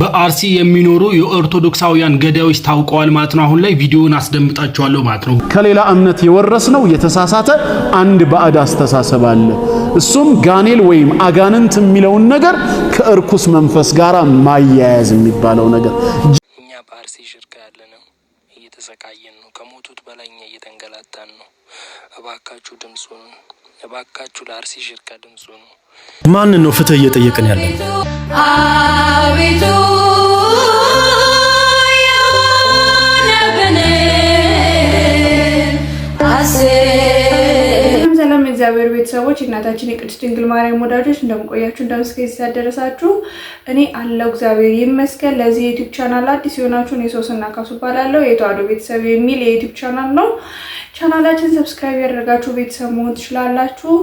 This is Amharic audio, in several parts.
በአርሲ የሚኖሩ የኦርቶዶክሳውያን ገዳዮች ታውቀዋል ማለት ነው። አሁን ላይ ቪዲዮውን አስደምጣቸዋለሁ ማለት ነው። ከሌላ እምነት የወረስ ነው የተሳሳተ አንድ ባዕድ አስተሳሰብ አለ። እሱም ጋኔል ወይም አጋንንት የሚለውን ነገር ከእርኩስ መንፈስ ጋር ማያያዝ የሚባለው ነገር እኛ በአርሲ ሽርክ ያለ ነው። እየተሰቃየን ነው። ከሞቱት በላይ እኛ እየተንገላታን ነው። እባካችሁ ድምፁ ነው። እባካችሁ ለአርሲ ሽርካ ድምፁ ነው። ማንን ነው ፍትህ እየጠየቅን ያለ? አቤቱ የእግዚአብሔር ቤተሰቦች የእናታችን የቅድስት ድንግል ማርያም ወዳጆች እንደምቆያችሁ እንደምስከ ሲያደረሳችሁ እኔ አለው እግዚአብሔር ይመስገን። ለዚህ የዩቲዩብ ቻናል አዲስ የሆናችሁን የሶስና ካሱ ባላለው የተዋሕዶ ቤተሰብ የሚል የዩቲዩብ ቻናል ነው። ቻናላችን ሰብስክራይብ ያደረጋችሁ ቤተሰብ መሆን ትችላላችሁ።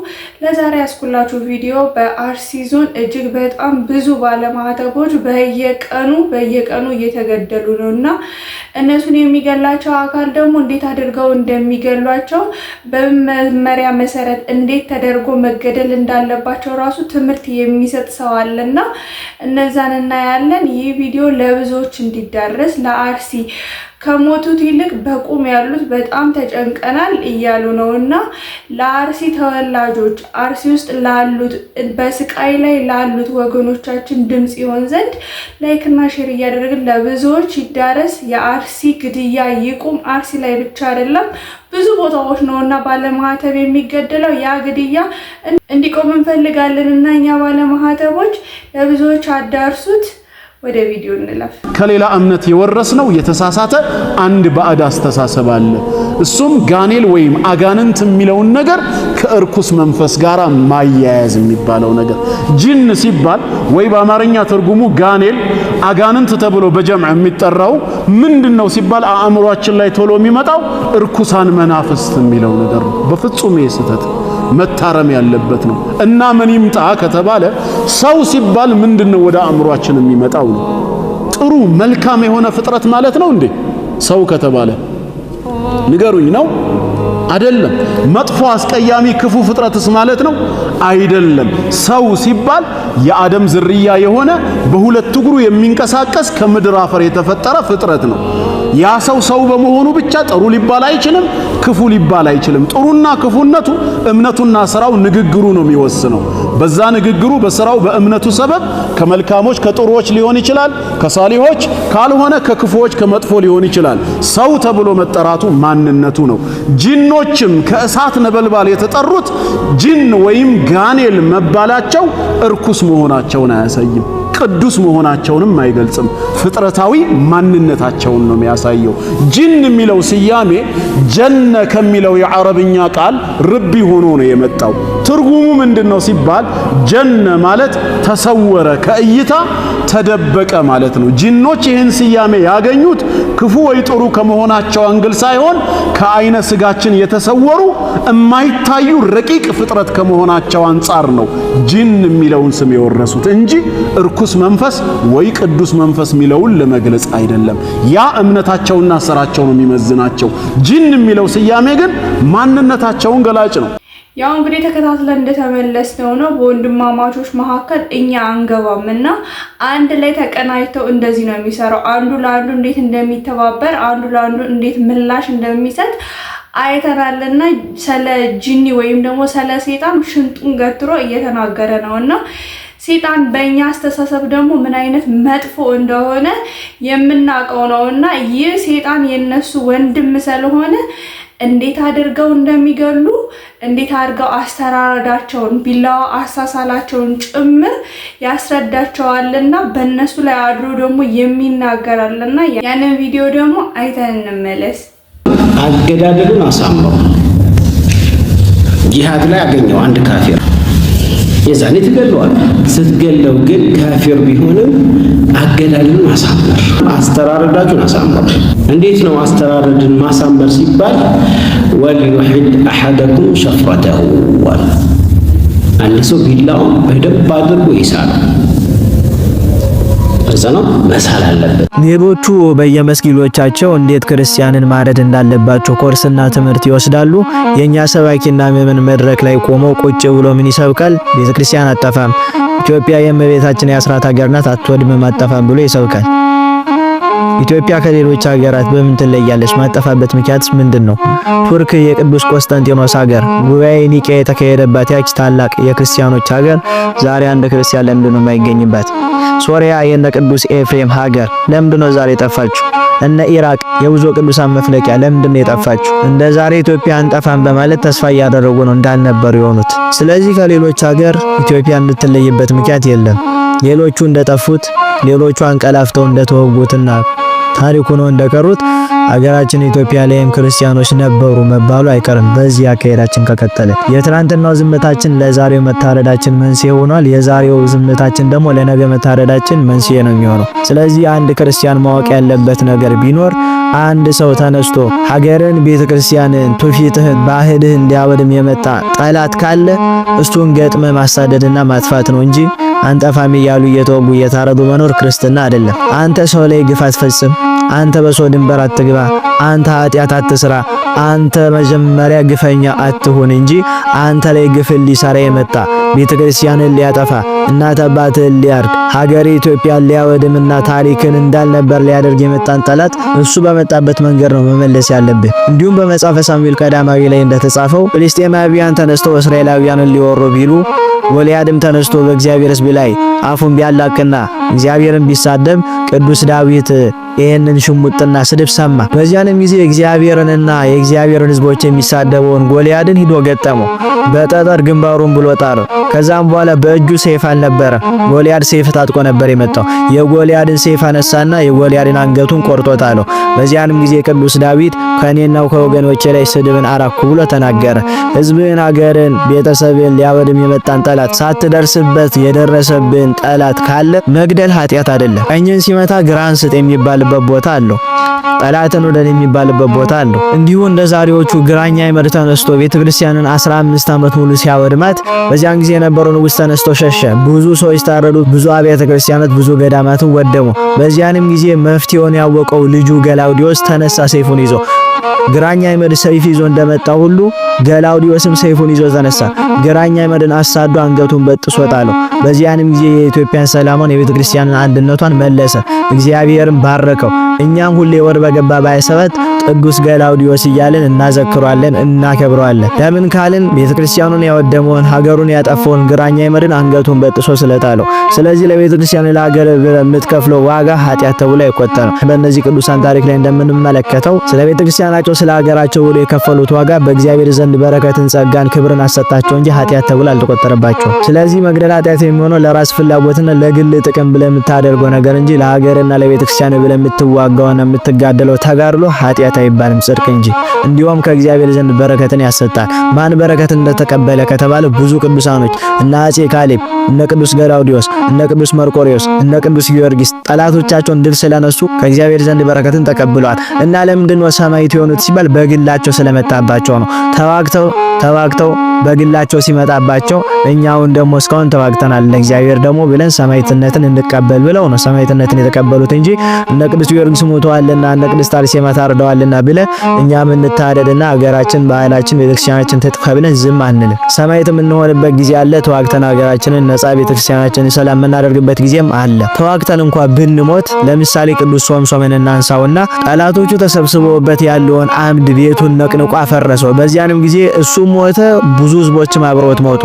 ለዛሬ ያስኩላችሁ ቪዲዮ በአርሲ ዞን እጅግ በጣም ብዙ ባለማህተቦች በየቀኑ በየቀኑ እየተገደሉ ነው እና እነሱን የሚገላቸው አካል ደግሞ እንዴት አድርገው እንደሚገሏቸው በመመሪያ መሰረት እንዴት ተደርጎ መገደል እንዳለባቸው ራሱ ትምህርት የሚሰጥ ሰው አለና እነዛን እናያለን። ይህ ቪዲዮ ለብዙዎች እንዲዳረስ ለአርሲ ከሞቱት ይልቅ በቁም ያሉት በጣም ተጨንቀናል እያሉ ነው። እና ለአርሲ ተወላጆች አርሲ ውስጥ ላሉት በስቃይ ላይ ላሉት ወገኖቻችን ድምፅ ይሆን ዘንድ ላይክና ሼር እያደረግን ለብዙዎች ይዳረስ። የአርሲ ግድያ ይቁም። አርሲ ላይ ብቻ አይደለም ብዙ ቦታዎች ነው እና ባለማህተብ የሚገደለው ያ ግድያ እንዲቆም እንፈልጋለን እና እኛ ባለማህተቦች ለብዙዎች አዳርሱት። ወደ ቪዲዮ እንለፍ። ከሌላ እምነት የወረስነው የተሳሳተ አንድ ባዕድ አስተሳሰብ አለ። እሱም ጋኔል ወይም አጋንንት የሚለውን ነገር ከእርኩስ መንፈስ ጋር ማያያዝ የሚባለው ነገር። ጅን ሲባል ወይ በአማርኛ ትርጉሙ ጋኔል፣ አጋንንት ተብሎ በጀምዕ የሚጠራው ምንድን ነው ሲባል አእምሯችን ላይ ቶሎ የሚመጣው እርኩሳን መናፍስት የሚለው ነገር ነው። በፍጹም ይህ ስህተት መታረም ያለበት ነው እና ምን ይምጣ ከተባለ ሰው ሲባል ምንድነው ወደ አእምሯችን የሚመጣው? ነው ጥሩ መልካም የሆነ ፍጥረት ማለት ነው እንዴ ሰው ከተባለ ንገሩኝ፣ ነው አይደለም? መጥፎ አስቀያሚ ክፉ ፍጥረትስ ማለት ነው አይደለም። ሰው ሲባል የአደም ዝርያ የሆነ በሁለት እግሩ የሚንቀሳቀስ ከምድር አፈር የተፈጠረ ፍጥረት ነው። ያ ሰው ሰው በመሆኑ ብቻ ጥሩ ሊባል አይችልም፣ ክፉ ሊባል አይችልም። ጥሩና ክፉነቱ እምነቱና ስራው፣ ንግግሩ ነው የሚወስነው። በዛ ንግግሩ፣ በስራው፣ በእምነቱ ሰበብ ከመልካሞች ከጥሩዎች ሊሆን ይችላል፣ ከሳሊሆች ካልሆነ ከክፉዎች ከመጥፎ ሊሆን ይችላል። ሰው ተብሎ መጠራቱ ማንነቱ ነው። ጂኖችም ከእሳት ነበልባል የተጠሩት ጂን ወይም ጋኔል መባላቸው እርኩስ መሆናቸውን አያሳይም። ቅዱስ መሆናቸውንም አይገልጽም። ፍጥረታዊ ማንነታቸውን ነው የሚያሳየው። ጅን የሚለው ስያሜ ጀነ ከሚለው የዓረብኛ ቃል ርቢ ሆኖ ነው የመጣው። ትርጉሙ ምንድን ነው ሲባል ጀነ ማለት ተሰወረ፣ ከእይታ ተደበቀ ማለት ነው። ጅኖች ይህን ስያሜ ያገኙት ክፉ ወይ ጥሩ ከመሆናቸው አንግል ሳይሆን ከአይነ ስጋችን የተሰወሩ የማይታዩ ረቂቅ ፍጥረት ከመሆናቸው አንጻር ነው ጅን የሚለውን ስም የወረሱት እንጂ እርኩስ ቅዱስ መንፈስ ወይ ቅዱስ መንፈስ የሚለውን ለመግለጽ አይደለም። ያ እምነታቸውና ስራቸው ነው የሚመዝናቸው። ጅን የሚለው ስያሜ ግን ማንነታቸውን ገላጭ ነው። ያው እንግዲህ ተከታትለን እንደተመለስነው ነው በወንድማማቾች መካከል እኛ አንገባም እና አንድ ላይ ተቀናጅተው እንደዚህ ነው የሚሰራው። አንዱ ለአንዱ እንዴት እንደሚተባበር፣ አንዱ ለአንዱ እንዴት ምላሽ እንደሚሰጥ አይተናልና ስለ ጂኒ ወይም ደግሞ ስለ ሴጣን ሽንጡን ገትሮ እየተናገረ ነው እና ሴጣን በእኛ አስተሳሰብ ደግሞ ምን አይነት መጥፎ እንደሆነ የምናውቀው ነው። እና ይህ ሴጣን የነሱ ወንድም ስለሆነ እንዴት አድርገው እንደሚገሉ እንዴት አድርገው አስተራረዳቸውን ቢላዋ አሳሳላቸውን ጭምር ያስረዳቸዋልና በእነሱ ላይ አድሮ ደግሞ የሚናገራልና ያንን ቪዲዮ ደግሞ አይተን እንመለስ። አገዳደሉን አሳምረው ጂሃድ ላይ አገኘው አንድ ካፊር የዛኔ ትገለዋል። ስትገለው ግን ካፊር ቢሆንም አገዳደልን ማሳመር፣ አስተራረዳችሁን አሳምሩ። እንዴት ነው አስተራረድን ማሳመር ሲባል ወልዩሒድ አሐደኩም ሸፍረተሁ አንድ ሰው ቢላውን በደንብ አድርጎ ይሳላል። ቅርጽ መሳል አለበት። ሌሎቹ በየመስጊዶቻቸው እንዴት ክርስቲያንን ማረድ እንዳለባቸው ኮርስና ትምህርት ይወስዳሉ። የእኛ ሰባኪና ምዕመን መድረክ ላይ ቆመው ቁጭ ብሎ ምን ይሰብካል? ቤተክርስቲያን አጠፋም፣ ኢትዮጵያ የእመቤታችን የአስራት ሀገር ናት፣ አትወድምም፣ አጠፋም ብሎ ይሰብካል። ኢትዮጵያ ከሌሎች ሀገራት በምን ትለያለች? ማጠፋበት ምክንያት ምንድን ነው? ቱርክ የቅዱስ ቆስጠንጢኖስ ሀገር፣ ጉባኤ ኒቄ የተካሄደባት ያች ታላቅ የክርስቲያኖች ሀገር ዛሬ አንድ ክርስቲያን ለምንድን ነው የማይገኝባት? ሶሪያ የነ ቅዱስ ኤፍሬም ሀገር ለምንድን ነው ዛሬ የጠፋችሁ? እነ ኢራቅ የብዙ ቅዱሳን መፍለቂያ ለምንድን ነው የጠፋችሁ? እንደ ዛሬ ኢትዮጵያ አንጠፋም በማለት ተስፋ እያደረጉ ነው እንዳልነበሩ የሆኑት። ስለዚህ ከሌሎች ሀገር ኢትዮጵያ የምትለይበት ምክንያት የለም። ሌሎቹ እንደጠፉት ሌሎቹ አንቀላፍተው እንደተወጉትና ታሪክ ሆኖ እንደቀሩት አገራችን ኢትዮጵያ ላይም ክርስቲያኖች ነበሩ መባሉ አይቀርም። በዚህ አካሄዳችን ከቀጠለ የትናንትናው ዝምታችን ለዛሬው መታረዳችን መንስኤ ሆኗል። የዛሬው ዝምታችን ደግሞ ለነገ መታረዳችን መንስኤ ነው የሚሆነው። ስለዚህ አንድ ክርስቲያን ማወቅ ያለበት ነገር ቢኖር አንድ ሰው ተነስቶ ሀገርን፣ ቤተ ክርስቲያንን፣ ትውፊትህን፣ ባህልህን ሊያወድም የመጣ ጠላት ካለ እሱን ገጥመ ማሳደድና ማጥፋት ነው እንጂ አንጠፋም እያሉ እየተወጉ እየታረዱ መኖር ክርስትና አይደለም። አንተ ሰው ላይ ግፍ አትፈጽም፣ አንተ በሰው ድንበር አትግባ፣ አንተ ኃጢአት አትስራ አንተ መጀመሪያ ግፈኛ አትሁን እንጂ አንተ ላይ ግፍ ሊሰራ የመጣ ቤተ ክርስቲያንን ሊያጠፋ እናት አባትን ሊያርድ ሀገር ኢትዮጵያን ሊያወድምና ታሪክን እንዳልነበር ሊያደርግ የመጣን ጠላት እሱ በመጣበት መንገድ ነው መመለስ ያለብህ። እንዲሁም በመጽሐፈ ሳሙኤል ቀዳማዊ ላይ እንደተጻፈው ፍልስጤማውያን ተነስተው እስራኤላውያንን ሊወሩ ቢሉ ጎልያድም ተነስቶ በእግዚአብሔር ሕዝብ ላይ አፉን ቢያላቅና እግዚአብሔርን ቢሳደብ ቅዱስ ዳዊት ይህንን ሽሙጥና ስድብ ሰማ። በዚያንም ጊዜ እግዚአብሔርንና የእግዚአብሔርን ሕዝቦች የሚሳደበውን ጎልያድን ሂዶ ገጠመው። በጠጠር ግንባሩን ብሎ ጣረ። ከዛም በኋላ በእጁ ሰይፍ አልነበረ። ጎልያድ ሰይፍ ታጥቆ ነበር የመጣው። የጎልያድን ሰይፍ አነሳና የጎልያድን አንገቱን ቆርጦ ጣለው። በዚያንም ጊዜ ቅዱስ ዳዊት ከእኔናው ከወገኖቼ ላይ ስድብን አራኩ ብሎ ተናገረ። ሕዝብን፣ አገርን፣ ቤተሰብን ሊያወድም የመጣን ጠላት ሳትደርስበት የደረሰብን ጠላት ካለ መግደል ኃጢአት አይደለም። ቀኝን ሲመታ ግራህን ስጥ የሚባልበት ቦታ አለው። ጠላትን ወደድ የሚባልበት ቦታ አለው። እንዲሁ እንደ ዛሬዎቹ ግራኛ ይመር ተነስቶ ቤተ ክርስቲያንን 15 ዓመት ሙሉ ሲያወድማት በዚያን ጊዜ የነበረው ንጉሥ ተነስቶ ሸሸ። ብዙ ሰዎች ታረዱ፣ ብዙ አብያተ ክርስቲያናት፣ ብዙ ገዳማትን ወደሙ። በዚያንም ጊዜ መፍትሄውን ያወቀው ልጁ ገላውዲዮስ ተነሳ ሰይፉን ይዞ ግራኛ ይመድ ሰይፍ ይዞ እንደመጣ ሁሉ ገላውዲዮስም ሰይፉን ይዞ ተነሳ። ግራኛ ይመድን አሳዶ አንገቱን በጥሶ ጣለው። በዚያንም ጊዜ የኢትዮጵያን ሰላሟን የቤተ ክርስቲያንን አንድነቷን መለሰ። እግዚአብሔርም ባረከው። እኛም ሁሌ ወር በገባ ባይሰበት ቅዱስ ገላውዲዮስ እያልን እናዘክሯለን፣ እናከብረዋለን። ለምን ካልን ቤተ ክርስቲያኑን ያወደመውን ሀገሩን ያጠፋውን ግራኛ ይመድን አንገቱን በጥሶ ስለጣለው። ስለዚህ ለቤተ ክርስቲያኑ ለሀገር የምትከፍለው ዋጋ ኃጢአት ተብሎ አይቆጠርም። በእነዚህ ቅዱሳን ታሪክ ላይ እንደምንመለከተው ስለ ቤተ ክርስቲያናቸው ስለ ሀገራቸው ብሎ የከፈሉት ዋጋ በእግዚአብሔር ዘንድ በረከትን፣ ጸጋን፣ ክብርን አሰጣቸው እንጂ ኃጢአት ተብሎ አልተቆጠረባቸውም። ስለዚህ መግደል ኃጢአት የሚሆነው ለራስ ፍላጎትና ለግል ጥቅም ብለህ የምታደርገው ነገር እንጂ ለሀገርና ለቤተክርስቲያን ብለህ የምትዋጋውና የምትጋደለው ተጋድሎ ኃጢአት በረከት አይባልም ጽድቅ እንጂ። እንዲሁም ከእግዚአብሔር ዘንድ በረከትን ያሰጣል። ማን በረከት እንደተቀበለ ከተባለ ብዙ ቅዱሳኖች እነ አጼ ካሌብ፣ እነ ቅዱስ ገላውዲዮስ፣ እነ ቅዱስ መርቆሪዎስ፣ እነ ቅዱስ ጊዮርጊስ ጠላቶቻቸውን ድል ስለነሱ ከእግዚአብሔር ዘንድ በረከትን ተቀብለዋል። እና ለምንድን ነው ሰማዕት የሆኑት ሲባል በግላቸው ስለመጣባቸው ነው። ተዋግተው ተዋግተው በግላቸው ሲመጣባቸው እኛውን ደግሞ እስካሁን ተዋግተናል ለእግዚአብሔር ደግሞ ብለን ሰማይትነትን እንቀበል ብለው ነው ሰማይትነትን የተቀበሉት እንጂ እነ ቅዱስ ጊዮርጊስ ሞተዋልና እነ ቅድስት አርሴማ ታርደዋልና ብለ እኛም እንታደድና ሀገራችን፣ ባህላችን፣ ቤተክርስቲያናችን ተጥፋ ብለን ዝም አንልም። ሰማዕት የምንሆንበት ጊዜ አለ። ተዋግተን አገራችንን ነጻ ቤተክርስቲያናችንን ሰላም የምናደርግበት ጊዜም አለ። ተዋግተን እንኳ ብንሞት ለምሳሌ ቅዱስ ሶምሶንን እናንሳውና ጠላቶቹ ተሰብስበውበት ያለውን አምድ ቤቱን ነቅንቆ አፈረሰው። በዚያንም ጊዜ እሱ ሞተ፣ ብዙ ህዝቦችም አብረውት ሞቱ።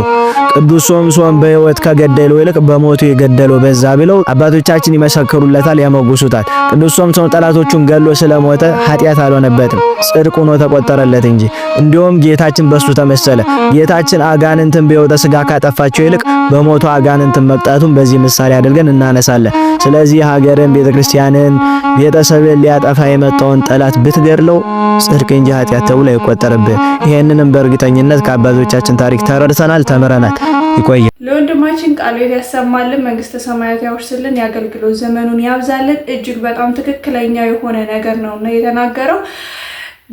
ቅዱስ ሶምሶን በህይወት ከገደለው ይልቅ በሞቱ የገደለው በዛ ብለው አባቶቻችን ይመሰክሩለታል፣ ያመጉሱታል። ቅዱስ ሶምሶን ጠላቶቹን ገሎ ስለሞተ ኃጢአት አልሆነበትም፣ ጽድቅ ሆኖ ተቆጠረለት እንጂ። እንዲሁም ጌታችን በሱ ተመሰለ። ጌታችን አጋንንትን በህይወተ ስጋ ካጠፋቸው ይልቅ በሞቱ አጋንንትን መቅጣቱን በዚህ ምሳሌ አድርገን እናነሳለን። ስለዚህ ሀገርን፣ ቤተክርስቲያንን፣ ቤተሰብን ሊያጠፋ የመጣውን ጠላት ብትገድለው ጽድቅ እንጂ ኃጢአት ተብሎ አይቆጠርብህ። ይሄንንም በእርግጠኛ አማካኝነት ከአባቶቻችን ታሪክ ተረድተናል፣ ተምረናል። ይቆየ። ለወንድማችን ቃሉ ያሰማልን፣ መንግስተ ሰማያት ያወርስልን፣ የአገልግሎት ዘመኑን ያብዛልን። እጅግ በጣም ትክክለኛ የሆነ ነገር ነው የተናገረው።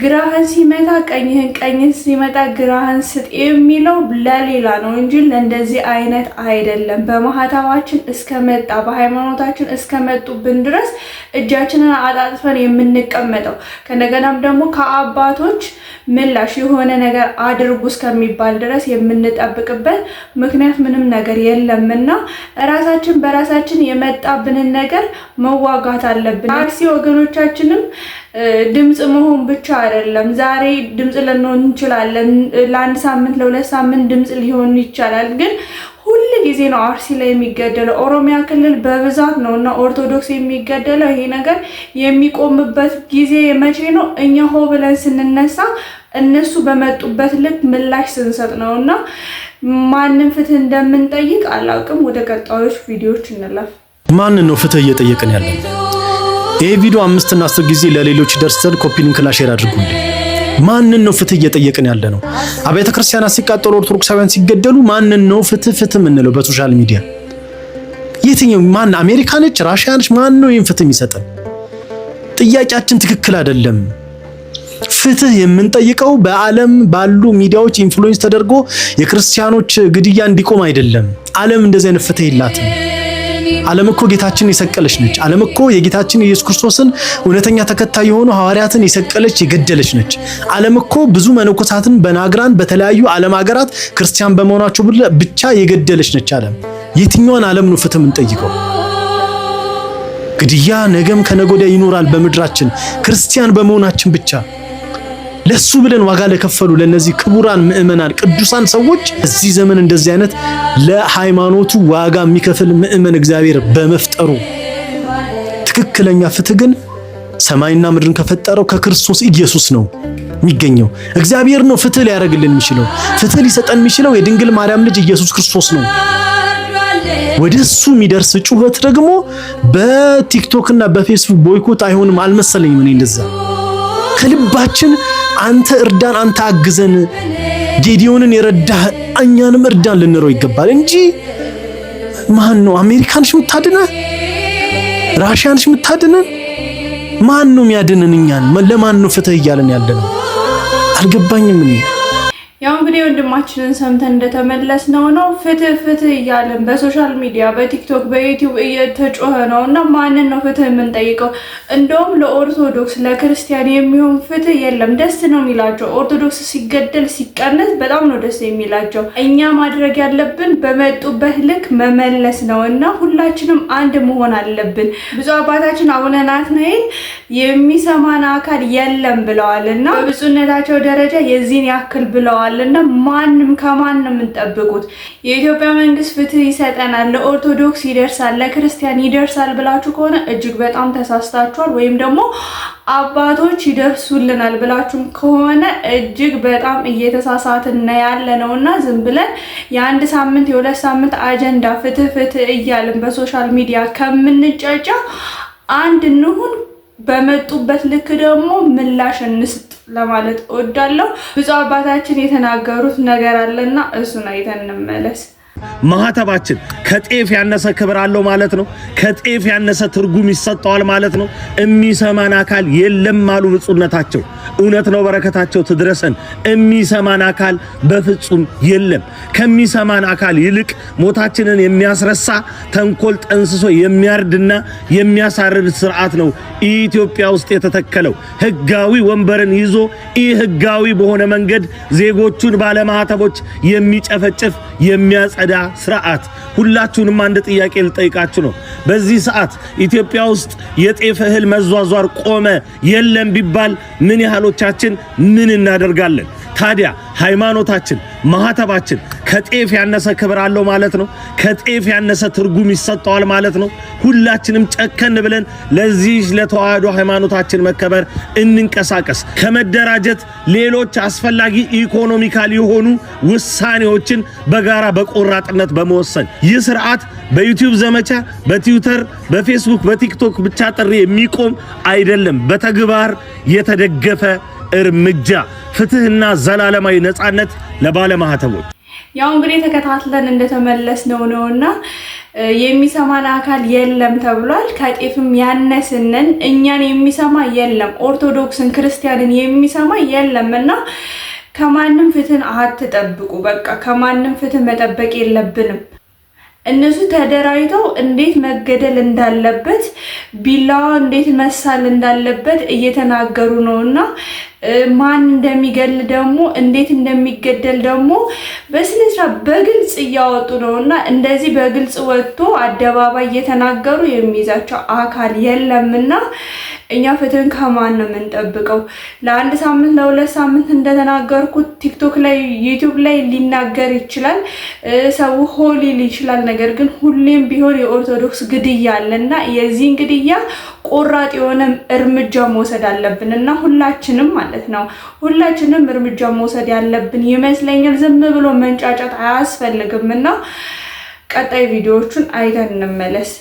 ግራህን ሲመታ ቀኝህን፣ ቀኝህን ሲመጣ ግራህን ስጥ የሚለው ለሌላ ነው እንጂ ለእንደዚህ አይነት አይደለም። በማህተባችን እስከመጣ በሃይማኖታችን እስከመጡብን ድረስ እጃችንን አጣጥፈን የምንቀመጠው ከነገናም ደግሞ ከአባቶች ምላሽ የሆነ ነገር አድርጉ እስከሚባል ድረስ የምንጠብቅበት ምክንያት ምንም ነገር የለምና እራሳችን በራሳችን የመጣብንን ነገር መዋጋት አለብን። አርሲ ወገኖቻችንም ድምፅ መሆን ብቻ አይደለም። ዛሬ ድምፅ ልንሆን እንችላለን። ለአንድ ሳምንት፣ ለሁለት ሳምንት ድምፅ ሊሆን ይቻላል። ግን ሁል ጊዜ ነው አርሲ ላይ የሚገደለው። ኦሮሚያ ክልል በብዛት ነው እና ኦርቶዶክስ የሚገደለው። ይሄ ነገር የሚቆምበት ጊዜ መቼ ነው? እኛ ሆ ብለን ስንነሳ እነሱ በመጡበት ልክ ምላሽ ስንሰጥ ነው እና ማንም ፍትህ እንደምንጠይቅ አላውቅም። ወደ ቀጣዮች ቪዲዮዎች እንለፍ። ማንን ነው ፍትህ እየጠየቅን ይህ ቪዲዮ አምስት እና አስር ጊዜ ለሌሎች ደርሰን ዘንድ ኮፒ ሊንክና ሼር አድርጉልኝ። ማንን ነው ፍትህ እየጠየቅን ያለ ነው? አብያተ ክርስቲያናት ሲቃጠሉ፣ ኦርቶዶክሳውያን ሲገደሉ ማንን ነው ፍትህ ፍትህ የምንለው? በሶሻል ሚዲያ የትኛው ማን አሜሪካ ነች ራሽያ ነች? ማን ነው ይህን ፍትህ የሚሰጠን? ጥያቄያችን ትክክል አይደለም። ፍትህ የምንጠይቀው በዓለም ባሉ ሚዲያዎች ኢንፍሉዌንስ ተደርጎ የክርስቲያኖች ግድያ እንዲቆም አይደለም። ዓለም እንደዚህ አይነት ፍትህ የላትም። ዓለም እኮ ጌታችን የሰቀለች ነች። ዓለም እኮ የጌታችን ኢየሱስ ክርስቶስን እውነተኛ ተከታይ የሆኑ ሐዋርያትን የሰቀለች የገደለች ነች። ዓለም እኮ ብዙ መነኮሳትን በናግራን በተለያዩ ዓለም ሀገራት ክርስቲያን በመሆናቸው ብቻ የገደለች ነች። ዓለም የትኛዋን ዓለም ነው ፍትህ የምንጠይቀው? ግድያ ነገም ከነጎዳ ይኖራል በምድራችን ክርስቲያን በመሆናችን ብቻ ለሱ ብለን ዋጋ ለከፈሉ ለነዚህ ክቡራን ምእመናን ቅዱሳን ሰዎች እዚህ ዘመን እንደዚህ አይነት ለሃይማኖቱ ዋጋ የሚከፍል ምእመን እግዚአብሔር በመፍጠሩ ትክክለኛ ፍትህ ግን ሰማይና ምድርን ከፈጠረው ከክርስቶስ ኢየሱስ ነው የሚገኘው። እግዚአብሔር ነው ፍትህ ሊያደርግልን የሚችለው ፍትህ ሊሰጠን የሚችለው የድንግል ማርያም ልጅ ኢየሱስ ክርስቶስ ነው። ወደሱ የሚደርስ ጩኸት ደግሞ በቲክቶክ እና በፌስቡክ ቦይኮት አይሆንም አልመሰለኝም እኔ እንደዛ ከልባችን አንተ እርዳን፣ አንተ አግዘን፣ ጌዲዮንን የረዳህ እኛንም እርዳን ልንለው ይገባል እንጂ ማን ነው አሜሪካንሽ የምታድነን? ራሽያንሽ የምታድነን? ማን ነው የሚያድነን? እኛን ለማን ነው ፍትህ እያለን ያለነው? አልገባኝም እኔ። ያው እንግዲህ ወንድማችንን ሰምተን እንደተመለስ ነው ነው ፍትህ ፍትህ እያለን በሶሻል ሚዲያ በቲክቶክ በዩቲዩብ እየተጮኸ ነው እና ማንን ነው ፍትህ የምንጠይቀው? እንደውም ለኦርቶዶክስ ለክርስቲያን የሚሆን ፍትህ የለም። ደስ ነው የሚላቸው ኦርቶዶክስ ሲገደል ሲቀነስ በጣም ነው ደስ የሚላቸው። እኛ ማድረግ ያለብን በመጡበት ልክ መመለስ ነው እና ሁላችንም አንድ መሆን አለብን። ብዙ አባታችን አቡነ ናትናኤል የሚሰማን አካል የለም ብለዋል እና በብፁዕነታቸው ደረጃ የዚህን ያክል ብለዋል አለና ማንም ከማን እንጠብቁት። የኢትዮጵያ መንግስት ፍትህ ይሰጠናል፣ ለኦርቶዶክስ ይደርሳል፣ ለክርስቲያን ይደርሳል ብላችሁ ከሆነ እጅግ በጣም ተሳስታችኋል። ወይም ደግሞ አባቶች ይደርሱልናል ብላችሁም ከሆነ እጅግ በጣም እየተሳሳትን ነው ያለ ነው እና ዝም ብለን የአንድ ሳምንት የሁለት ሳምንት አጀንዳ ፍትህ ፍትህ እያልን በሶሻል ሚዲያ ከምንጨጫ አንድ እንሁን። በመጡበት ልክ ደግሞ ምላሽ እንስጥ ለማለት እወዳለሁ። ብፁዕ አባታችን የተናገሩት ነገር አለና እሱን አይተን እንመለስ። ማህተባችን ከጤፍ ያነሰ ክብር አለው ማለት ነው። ከጤፍ ያነሰ ትርጉም ይሰጠዋል ማለት ነው። እሚሰማን አካል የለም አሉ ብፁዕነታቸው። እውነት ነው፣ በረከታቸው ትድረሰን። እሚሰማን አካል በፍጹም የለም። ከሚሰማን አካል ይልቅ ሞታችንን የሚያስረሳ ተንኮል ጠንስሶ የሚያርድና የሚያሳርድ ስርዓት ነው ኢትዮጵያ ውስጥ የተተከለው። ህጋዊ ወንበርን ይዞ ኢ ህጋዊ በሆነ መንገድ ዜጎቹን ባለማህተቦች የሚጨፈጭፍ የሚያጸ የጸዳ ስርዓት። ሁላችሁንም አንድ ጥያቄ ልጠይቃችሁ ነው። በዚህ ሰዓት ኢትዮጵያ ውስጥ የጤፍ እህል መዟዟር ቆመ የለም ቢባል ምን ያህሎቻችን ምን እናደርጋለን? ታዲያ ሃይማኖታችን፣ ማህተባችን ከጤፍ ያነሰ ክብር አለው ማለት ነው። ከጤፍ ያነሰ ትርጉም ይሰጠዋል ማለት ነው። ሁላችንም ጨከን ብለን ለዚህ ለተዋህዶ ሃይማኖታችን መከበር እንንቀሳቀስ። ከመደራጀት ሌሎች አስፈላጊ ኢኮኖሚካል የሆኑ ውሳኔዎችን በጋራ በቆራጥነት በመወሰን ይህ ስርዓት በዩቲዩብ ዘመቻ፣ በትዊተር፣ በፌስቡክ፣ በቲክቶክ ብቻ ጥሪ የሚቆም አይደለም። በተግባር የተደገፈ እርምጃ ፍትህና ዘላለማዊ ነፃነት ለባለማህተቦች። ያው እንግዲህ ተከታትለን እንደተመለስ ነው ነውና የሚሰማን አካል የለም ተብሏል። ከጤፍም ያነስንን እኛን የሚሰማ የለም፣ ኦርቶዶክስን ክርስቲያንን የሚሰማ የለም እና ከማንም ፍትህን አትጠብቁ። በቃ ከማንም ፍትህ መጠበቅ የለብንም። እነሱ ተደራጅተው እንዴት መገደል እንዳለበት ቢላዋ እንዴት መሳል እንዳለበት እየተናገሩ ነው እና ማን እንደሚገል ደግሞ እንዴት እንደሚገደል ደግሞ በስነስራ በግልጽ እያወጡ ነው እና እንደዚህ በግልጽ ወጥቶ አደባባይ እየተናገሩ የሚይዛቸው አካል የለምና እኛ ፍትህን ከማን ነው የምንጠብቀው? ለአንድ ሳምንት ለሁለት ሳምንት እንደተናገርኩት ቲክቶክ ላይ ዩቲዩብ ላይ ሊናገር ይችላል፣ ሰው ሆ ሊል ይችላል። ነገር ግን ሁሌም ቢሆን የኦርቶዶክስ ግድያ አለ እና የዚህን ግድያ ቆራጥ የሆነ እርምጃ መውሰድ አለብን እና ሁላችንም ማለት ነው ሁላችንም እርምጃ መውሰድ ያለብን ይመስለኛል። ዝም ብሎ መንጫጫት አያስፈልግም እና ቀጣይ ቪዲዮዎቹን አይተን እንመለስ።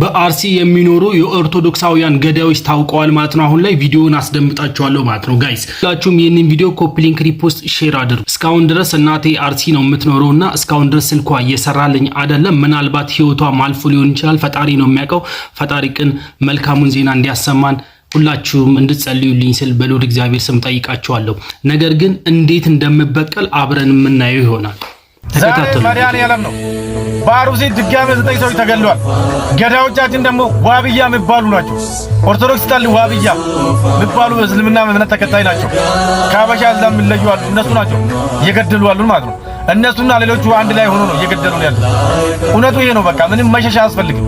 በአርሲ የሚኖሩ የኦርቶዶክሳውያን ገዳዮች ታውቀዋል ማለት ነው። አሁን ላይ ቪዲዮውን አስደምጣችኋለሁ ማለት ነው። ጋይስ ሁላችሁም ይህንን ቪዲዮ ኮፕሊንክ፣ ሪፖስት፣ ሼር አድርጉ። እስካሁን ድረስ እናቴ አርሲ ነው የምትኖረው እና እስካሁን ድረስ ስልኳ እየሰራልኝ አይደለም። ምናልባት ህይወቷ ማልፎ ሊሆን ይችላል። ፈጣሪ ነው የሚያውቀው። ፈጣሪ ቅን መልካሙን ዜና እንዲያሰማን ሁላችሁም እንድትጸልዩልኝ ስል በሎድ እግዚአብሔር ስም ጠይቃችኋለሁ። ነገር ግን እንዴት እንደምበቀል አብረን የምናየው ይሆናል። ዛሬ መድኃኒዓለም ነው። በአሩሲ ድጋሜ ዘጠኝ ሰዎች ተገለዋል። ገዳዮቻችን ደግሞ ዋብያ የሚባሉ ናቸው። ኦርቶዶክስ ጠል ዋብያ የሚባሉ እስልምና እምነት ተከታይ ናቸው። ከአበሻ እዛ የሚለዩ አሉ። እነሱ ናቸው እየገደሉ አሉ ማለት ነው። እነሱና ሌሎቹ አንድ ላይ ሆኖ ነው እየገደሉ ያለ። እውነቱ ይሄ ነው። በቃ ምንም መሸሻ አያስፈልግም።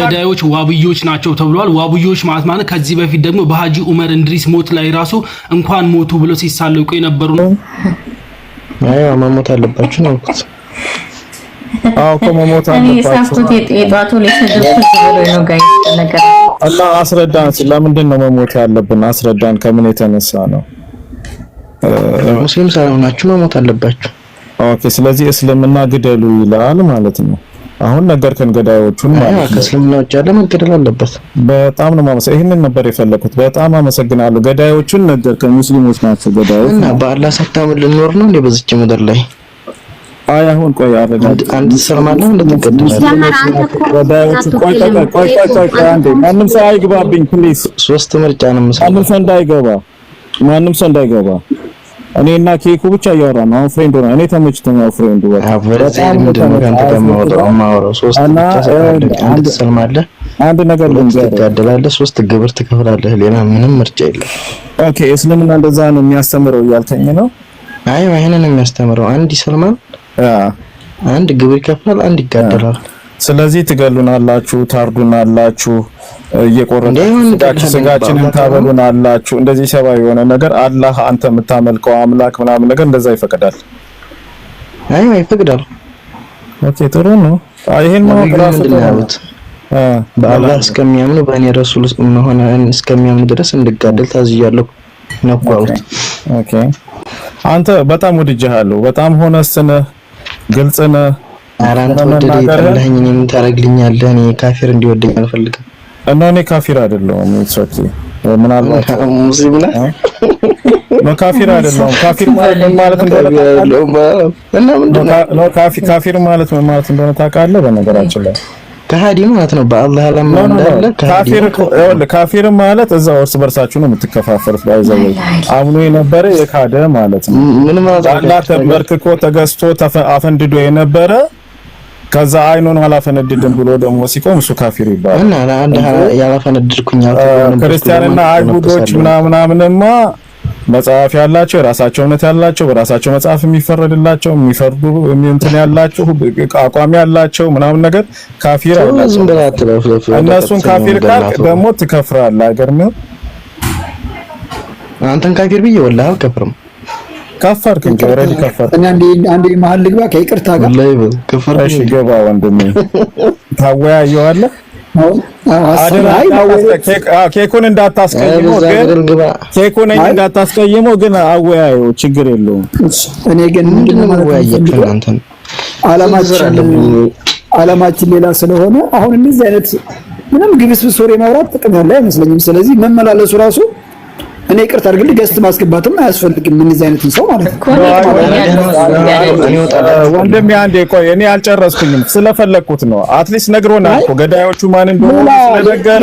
ገዳዮች ዋብዮች ናቸው ተብለዋል። ዋብዮች ማለት ማለት ከዚህ በፊት ደግሞ በሀጂ ኡመር እንድሪስ ሞት ላይ ራሱ እንኳን ሞቱ ብለው ሲሳለቁ የነበሩ ነው። አይ መሞት አለባችሁ ነው እኮ። አዎ እኮ መሞት አለባችሁ። እና አስረዳን፣ ለምንድን ነው መሞት ያለብን? አስረዳን፣ ከምን የተነሳ ነው? ሙስሊም ሳይሆናችሁ መሞት አለባችሁ። ኦኬ። ስለዚህ እስልምና ግደሉ ይላል ማለት ነው። አሁን ነገርከን ገዳዮቹን ማለት ነው። ከእስልምና ውጭ ያለ መገደል አለበት። በጣም ነው ማመሰ ይሄንን ነበር የፈለኩት። በጣም አመሰግናለሁ። ገዳዮቹን ነገርከን። ሙስሊሞች ናቸው ገዳዮች እና በአላህ ሳታምን ልንኖር ነው እንዴ በዚች ምድር ላይ? አይ አሁን ቆይ አረጋግ አንድ ትሰማለህ። ገዳዮቹ ቆይ ቆይ ቆይ ቆይ ቆይ አንዴ ማንም ሰው አይግባብኝ ፕሊዝ። ሶስት ምርጫ ነው ምሳ ማንም ሰው እንዳይገባ ማንም ሰው እንዳይገባ እኔ እና ኬኩ ብቻ እያወራ ነው። አሁን ፍሬንድ ሆነ። እኔ ተመችቶኛል። ፍሬንድ በቃ አንድ ነገር ትጋደላለህ፣ ሶስት ግብር ትከፍላለህ። ሌላ ምንም ምርጫ የለም። ኦኬ እስልምና እንደዛ ነው የሚያስተምረው እያልተኝ ነው። አይ ይሄንን የሚያስተምረው አንድ ይሰልማል፣ አንድ ግብር ይከፍላል፣ አንድ ይጋደላል። ስለዚህ ትገሉናላችሁ፣ ታርዱናላችሁ፣ እየቆረጡ ስጋችንን ታበሉናላችሁ። እንደዚህ ሰብአዊ የሆነ ነገር አላህ አንተ የምታመልከው አምላክ ምናምን ነገር እንደዛ ይፈቅዳል። አይ ይፈቅዳል። ኦኬ ጥሩ ነው። ይሄን ነው ራሱ በአላህ እስከሚያምኑ በእኔ ረሱል መሆን እስከሚያምኑ ድረስ እንድጋደል ታዝያለሁ ነው አሉት። ኦኬ አንተ በጣም ወድጄሃለሁ። በጣም ሆነስነ ግልጽነ ኧረ እኔ ታደርግልኛለህ? እኔ ካፊር እንዲወደኝ አልፈልግም። እና እኔ ካፊር አይደለሁም። ካፊር ማለት ምን ማለት እንደሆነ ታውቃለህ? በነገራችን ላይ ከሃዲ ማለት ነው። በአላህ ካፊር ማለት እዛው እርስ በርሳችሁ ነው ባይዘው አምኖ የነበረ የካደ ማለት ነው። ምን ማለት አላህ ተንበርክኮ ተገዝቶ አፈንድዶ የነበረ ከዛ አይኑን አላፈነድድም ብሎ ደግሞ ሲቆም እሱ ካፊር ይባላል። ክርስቲያንና አይሁዶች ምናምናምንማ መጽሐፍ ያላቸው የራሳቸው እምነት ያላቸው በራሳቸው መጽሐፍ የሚፈረድላቸው የሚፈርዱ እንትን ያላቸው አቋም ያላቸው ምናምን ነገር ካፊር እነሱን ካፊር ካልክ ደግሞ ትከፍራለህ። አይገርምህም? አንተን ካፊር ብዬ ወላሂ አልከፍርም። ካፋር ከንቀረድ ካፋር እና አንዴ አንዴ መሀል ልግባ ከይቅርታ ጋር ላይቭ ከፈር እሺ፣ ገባ ወንድሜ ታወያየዋለህ። ኬኩን እንዳታስቀይሞ ኬኩን ግን አወያየው፣ ችግር የለውም። እኔ ግን አላማችን ሌላ ስለሆነ አሁን እንደዚህ አይነት ምንም ግብስብስ ወሬ ማውራት ጥቅም ያለ አይመስለኝም። ስለዚህ መመላለሱ ራሱ እኔ ይቅርታ አድርግልኝ፣ ገስት ማስገባትም አያስፈልግም። ምን እዚህ አይነትን ሰው ማለት ነው። ወንድሜ አንዴ ቆይ፣ እኔ አልጨረስኩኝም። ስለፈለግኩት ነው። አትሊስት ነግሮናል እኮ ገዳዮቹ ማን እንደሆኑ ስለነገረ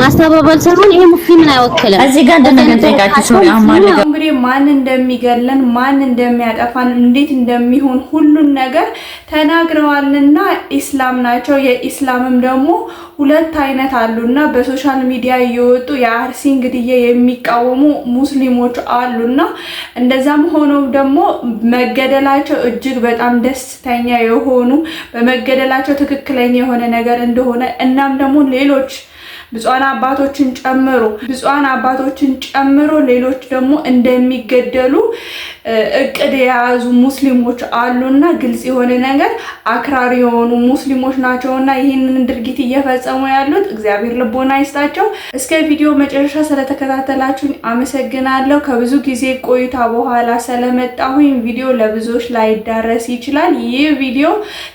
ማስተባበል ሳይሆን ይሄ ሙፍቲ ምን አይወክልም። እዚህ ጋር እንደነገር ጠይቃችሁ እንግዲህ ማን እንደሚገለን ማን እንደሚያጠፋን እንዴት እንደሚሆን ሁሉን ነገር ተናግረዋልና ኢስላም ናቸው። የኢስላምም ደግሞ ሁለት አይነት አሉና በሶሻል ሚዲያ እየወጡ የአርሲን ግድያ የሚቃወሙ ሙስሊሞች አሉና እንደዛም ሆነው ደግሞ መገደላቸው እጅግ በጣም ደስተኛ የሆኑ በመገደላቸው ትክክለኛ የሆነ ነገር እንደሆነ እናም ደግሞ ሌሎች ብፁዓን አባቶችን ጨምሮ ብፁዓን አባቶችን ጨምሮ ሌሎች ደግሞ እንደሚገደሉ እቅድ የያዙ ሙስሊሞች አሉና ግልጽ የሆነ ነገር አክራሪ የሆኑ ሙስሊሞች ናቸውና ይህንን ድርጊት እየፈጸሙ ያሉት እግዚአብሔር ልቦና ይስጣቸው። እስከ ቪዲዮ መጨረሻ ስለተከታተላችሁኝ አመሰግናለሁ። ከብዙ ጊዜ ቆይታ በኋላ ስለመጣሁኝ ቪዲዮ ለብዙዎች ላይዳረስ ይችላል። ይህ ቪዲዮ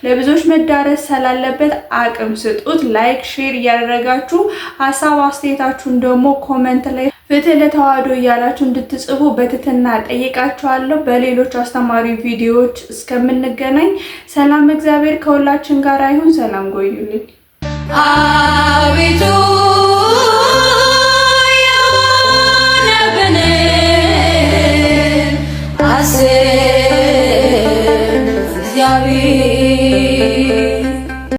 ለብዙዎች መዳረስ ስላለበት አቅም ስጡት። ላይክ ሼር እያደረጋችሁ ሀሳብ አስተያየታችሁን ደግሞ ኮመንት ላይ ፍትህ ለተዋህዶ እያላችሁ እንድትጽፉ በትህትና ጠይቃችኋለሁ። በሌሎች አስተማሪ ቪዲዮዎች እስከምንገናኝ ሰላም፣ እግዚአብሔር ከሁላችን ጋር ይሁን። ሰላም ቆዩልኝ። አቤቱ